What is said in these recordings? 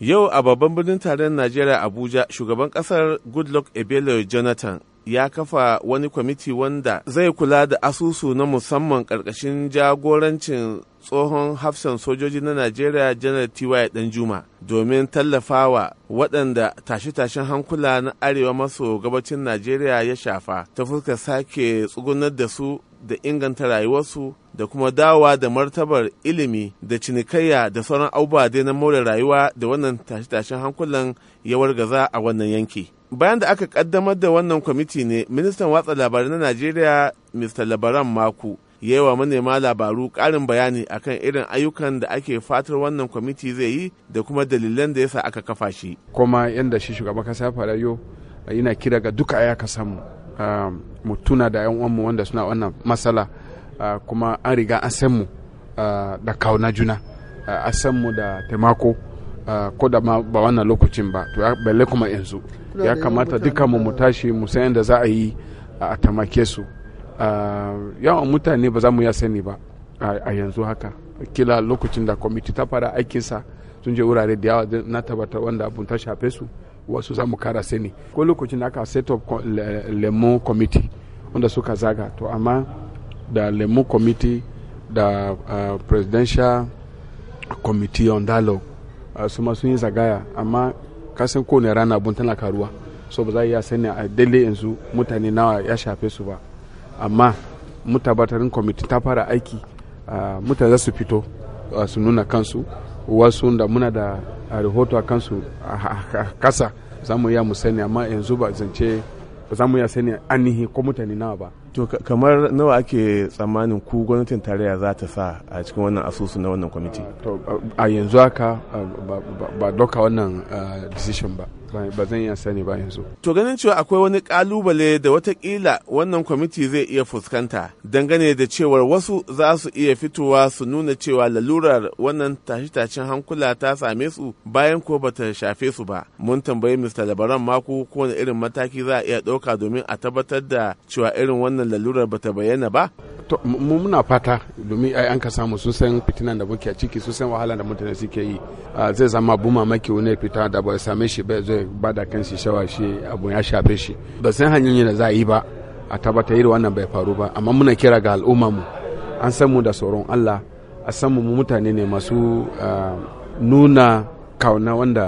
Yau a babban birnin taron Najeriya Abuja shugaban kasar Goodluck Ebele Jonathan ya kafa wani kwamiti wanda zai kula da asusu na musamman ƙarƙashin jagorancin tsohon hafsan sojoji na Najeriya janar T.Y. Danjuma domin tallafawa waɗanda tashe-tashen hankula na arewa maso gabacin Najeriya ya shafa ta fuskar sake tsugunar da su da inganta rayuwarsu da kuma dawa da martabar ilimi da cinikayya da sauran abubuwa dai na more rayuwa da wannan tashe-tashen hankulan ya wargaza a wannan yanki. Bayan da aka kaddamar da wannan kwamiti ne, ministan watsa labarai na Najeriya, Mr. Labaran Maku, ya yi wa manema labaru ƙarin bayani akan irin ayyukan da ake fatar wannan kwamiti zai yi da kuma dalilan da yasa aka kafa shi. Kuma yadda shi shugaban kasa ya yau, yana kira ga duka ya ka samu. Ah, mu tuna da 'yan uwanmu wanda suna wannan matsala Ah, kuma an riga an san mu ah, da kauna juna ah, an san mu da taimako ko da ma ba wannan lokacin ba to kuma yanzu ya kamata duka mu mu tashi mu san yadda za a yi a tamake su yawan mutane ba za mu ya sani ba a yanzu haka kila lokacin da kwamiti ta fara aikinsa sun je wurare da yawa na tabbatar wanda abun ta shafe su wasu za mu kara sani ko lokacin da aka set up lemon committee wanda suka zaga to amma da lemu committee da uh, presidential committee on dialogue uh, su ma sun yi zagaya amma kasan kowane rana abun tana karuwa so ba za a iya sani a daidai yanzu mutane nawa ya shafe su ba amma mutabatarin kwamitin ta fara aiki uh, mutane za su fito uh, su nuna kansu wasu da muna da uh, rahoto a kansu a kasa za mu iya mu sani amma yanzu ba zance ba za mu iya sani anihi ko mutane nawa ba to kamar nawa ake tsammanin ku gwamnatin tarayya za ta sa a cikin wannan asusu na wannan kwamiti a yanzu haka ba doka wannan decision ba ba zan iya sani ba yanzu to ganin cewa akwai wani kalubale da watakila wannan kwamiti zai iya fuskanta dangane da cewar wasu za su iya fitowa su nuna cewa lalurar wannan tashe-tashen hankula ta same su bayan ko bata shafe su ba mun tambayi mr labaran mako kowane irin mataki za a iya ɗauka domin a tabbatar da cewa irin wannan wannan lalurar ba ta bayyana ba to muna fata domin ai an ka samu sun san fitinan da muke a ciki sun san wahala da mutane suke yi ah, zai zama abu mamaki wani fita da ba same shi ba zai bada kan shi shawa shi abu ya shafe shi ba san hanyoyin da za a yi ba a tabbata irin wannan bai faru ba amma muna kira ga al'umma mu an san mu da tsoron Allah a san mu mutane ne masu ah, nuna kauna wanda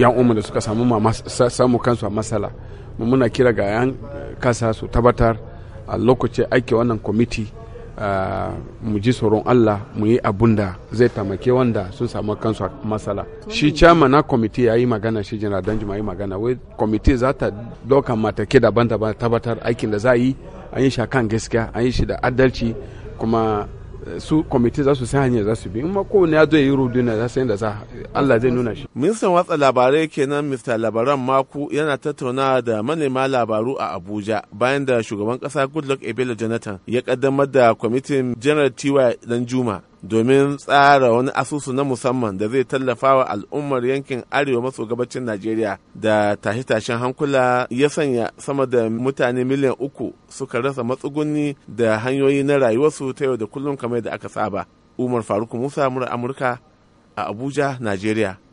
yan umma da suka samu samu kansu a matsala muna kira ga yan kasa su tabbatar a lokacin aiki wannan kwamiti mu ji tsoron allah mu yi abun da zai tamake wanda sun samu kansu a matsala shi chairman na kwamiti ya yi magana shi jana danjuma ya yi magana wai kwamiti za ta doka matake daban-daban tabbatar aikin da za a yi an yi shi kan gaskiya an yi shi da adalci kuma su kwamiti za su san hanyar za su bi in mako ne ya zo yi yi ruduna za su yadda za Allah zai nuna shi. Ministan watsa labarai kenan Mr. Labaran mako yana tattauna da manema labaru a Abuja bayan da shugaban kasa Goodluck Ebele Jonathan ya kaddamar da kwamitin General Tiwa dan juma. domin tsara wani asusu na musamman da zai tallafa wa al'ummar yankin arewa maso gabacin najeriya da tashe-tashen hankula ya sanya sama da mutane miliyan uku suka rasa matsuguni da hanyoyi na rayuwarsu ta yau da kullum kamar da aka saba umar faruk musa mura amurka a abuja najeriya